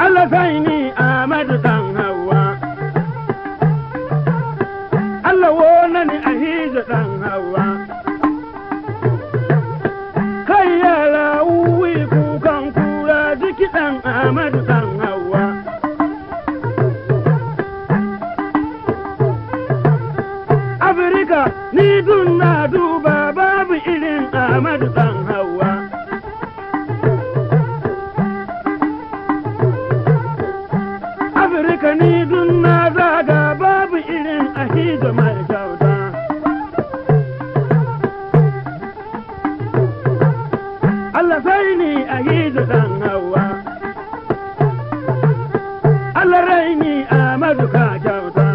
Allah sai ni Ahmadu dan Hawa. Allah wona ni Ahija dan Hawa. Kai yara wuwi kukan kura jiki dan Ahmadu dan Hawa. Afirka ni dun na duba babu irin Ahmadu haka ni dun na zaga babu irin ahi da mai kyauta. Allah sai ni ahi da ɗan hawa. Allah rai ni Amadu ka kyauta.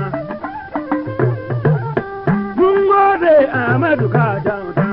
Mun gode Amadu ka kyauta.